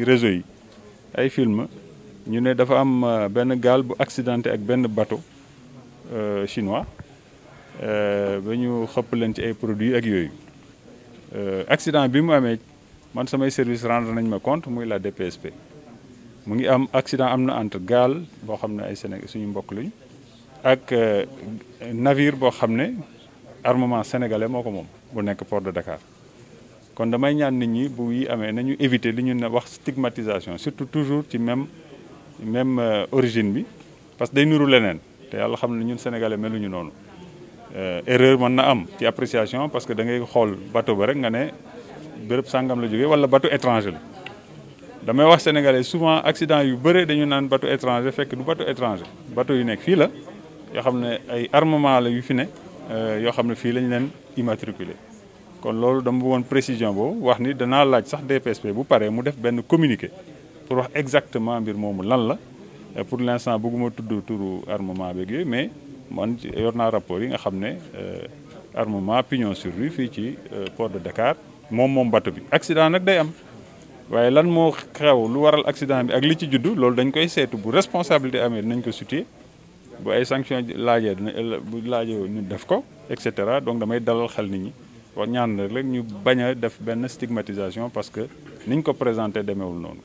ci réseau yi ay film ñu ne dafa am euh, benn gaal bu accidenté ak benn bateau euh, chinois euh, ba ñu xëpp leen ci ay produits ak yooyu accident bi mu amee man samay service rendre nañ ma compte muy la DPSP mu ngi am accident am na entre gaal boo xam ne ay Sénégal suñu mbokk lañu ak navir boo xam ne armement sénégalais moo ko moom bu nekk port de Dakar kon damay ñaan nit ñi bu yi amee nañu éviter li ñu wax stigmatisation surtout toujours ci même même euh, origine bi parce que day nuru leneen te yàlla xam ne ñun sénégalais meluñu noonu euh, erreur mën na am ci appréciation parce que da ngay xool bateau ba rek nga ne béréb sàngam la jógee wala bateau étranger la damay wax sénégalais souvent accident yu bëre dañu naan bateau étranger fekk du bateau étranger bateau yu nekk fii la yoo xam ne ay armement la yu fi ne euh, yoo xam ne fii lañ leen immatriculé kon loolu dama bëggoon précision boobu wax ni danaa laaj sax DPSP bu paree mu def benn communiqué pour wax exactement mbir moomu lan la pour l'instant bëgguma tudd turu armement beeg yooyu mais man yor naa rapport yi nga xam ne euh, armement pignon sur rue fii ci euh, port de Dakar moom moom bateau bi accident nag day am waaye lan moo xew lu waral accident bi ak li ci juddu loolu dañ koy seetu bu responsabilité amee dinañ ko situer bu ay sanction laajee dina bu laajee ñu def ko et cetera donc damay dalal xel nit ñi kon ñaan na rek ñu bañ a def benn stigmatisation parce que niñ ko présenté demeewul noonu.